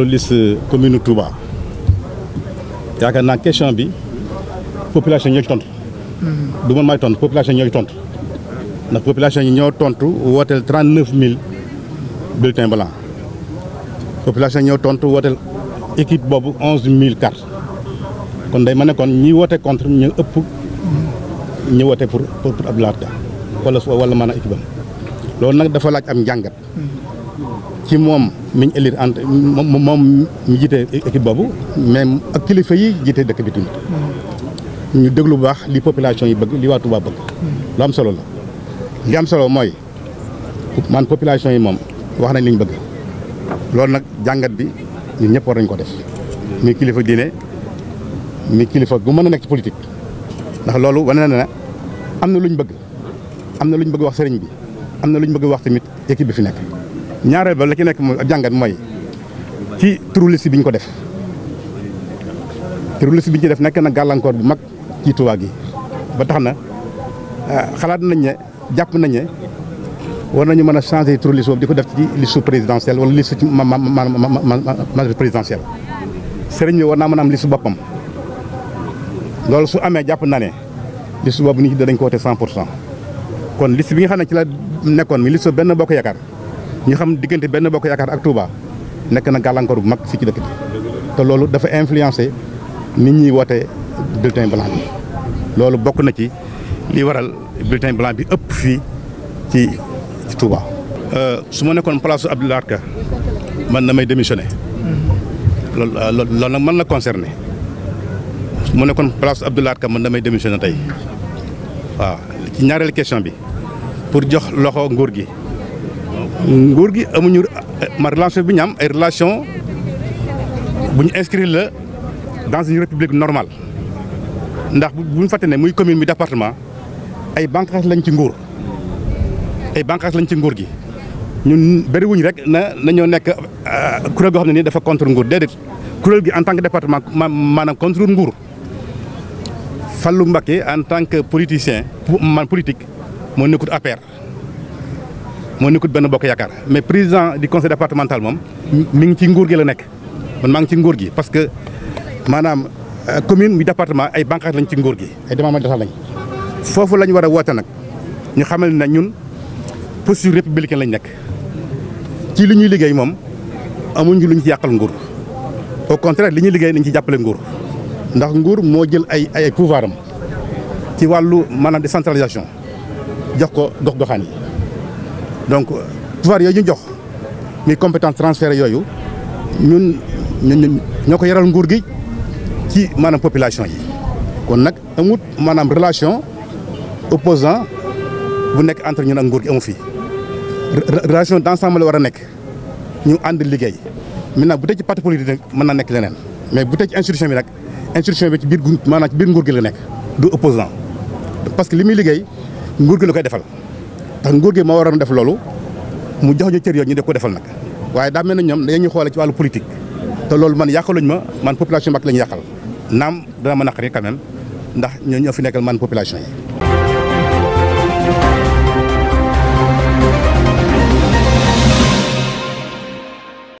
liste commune Touba yaakaar naa question bi population ñoo tontu. Hmm. du man maay tontu population ñoo tontu ndax population ñi ñoo tontu wooteel trente neuf mille bulletins blancs population ñoo tontu wooteel équipe boobu onze mille cartes kon day ma ne ñi woote contre ñu ëpp ñi woote pour pour Abdoulaye Wade wala wala maanaam a am loolu nag dafa laaj am njàngat. Hmm. ci moom mi ñu élire entre moom moom mi jiite équipe boobu mais ak kilifa yi jiite dëkk bi tamit ñu déglu bu baax li population yi bëgg li waa Touba bëgg. lu am solo la li am solo mooy man population yi moom wax nañ li ñu bëgg loolu nag jàngat bi ñun ñëpp war ko def mi kilifa diine mi kilifa gu mën a nekk ci ndax loolu wane na ne am na lu bëgg am na lu bëgg wax sëriñ bi am na luñ ñu bëgg wax tamit équipe bi fi nekk. ñaareel ba la ci nekk mooy ab jàngat mooy ci turu liste bi ñu ko def turu liste bi ñu def nekk na gàllankoor bu mag ci Touba gi ba tax na ah, xalaat nañ ne jàpp nañ ne war nañu mën a changer turu liste boobu di ko def ci liste présidentielle wala liste ci ma ma ma ma présidentielle sëriñ bi war naa mën a am liste boppam loolu su amee jàpp na ne liste boobu nit ñi dañ ko wote 100 pour cent kon liste bi nga xam ne ci la nekkoon mi liste benn bokk yaakaar. ñu xam diggante benn bokk yaakaar ak Touba nekk na gàllankoor bu mag si ci dëkk te loolu dafa influencé nit ñi woote bulletin blanc bi loolu bokk na ci li waral bulletin blanc bi ëpp fii ci ci Touba. Euh, su ma nekkoon place su Abdoulaye Ka man damay démissionné loolu euh, lool nag man na concerné su ma nekkoon place su Abdoulaye Ka man damay démissionné tey waaw ci ñaareel question bi pour jox loxo nguur gi. nguur gi amuñu ma relation bi ñu am ay relation bu ñu inscrire la dans une république normal ndax bu ñu fàtte ne muy commune mi département ay bànqaas lañ ci nguur ay bànqaas lañ ci nguur gi ñun bëri rek na nañoo nekk euh, kuréel goo xam ne nii dafa contre nguur déedéet kuréel gi tant que département maanaam contre nguur Fallou Mbacké en tant que politicien man politique moo nekkut APR moo nekkut benn bokk yaakaar mais président du conseil départemental moom mi ngi ci nguur gi la nekk man maa ngi ci nguur gi parce que maanaam euh, commune bi département ay bànqaas lañ ci nguur gi ay demande de lañ foofu lañ war a woote nag ñu xamal ne ñun posture républicaine lañ nekk ci li ñuy liggéey moom amuñ amuñu luñ ci yàqal nguur au contraire li ñuy liggéey nañ ci jàppale nguur ndax nguur moo jël ay ay pouvoir ci wàllu de décentralisation jox ko dox goxaan yi donc pouvoir yooyu ñu jox muy compétence transféré yooyu ñun ñun ñoo ko yaral nguur gi ci maanaam population yi kon nag amut maanaam relation opposant bu nekk entre ñun a nguur gi amu fi relation d'ensemble la war a nekk ñu ànd liggéey maintenant bu dee ci parti mën na nekk leneen mais bu dee ci institution bi nag institution bi ci biir maanaam ci biir nguur gi la nekk du opposant parce que li muy liggéey nguur gi la koy defal ndax nguur gi moo waroon def loolu mu jox ñu cër yooyu ñu def ko defal nag waaye daa mel na ñoom dañuy xoole ci wàllu politique te loolu man yàqaluñ ma man population Mbacké la ñu yàqal naam dana ma naqari quand même ndax ñoo ñoo fi nekkal man population yi